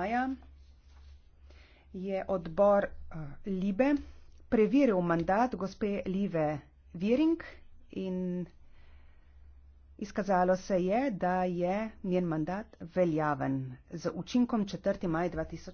maja je odbor eh, Libe preveril mandat gospe Live Viring in izkazalo se je, da je njen mandat veljaven z učinkom 4. maja 2000.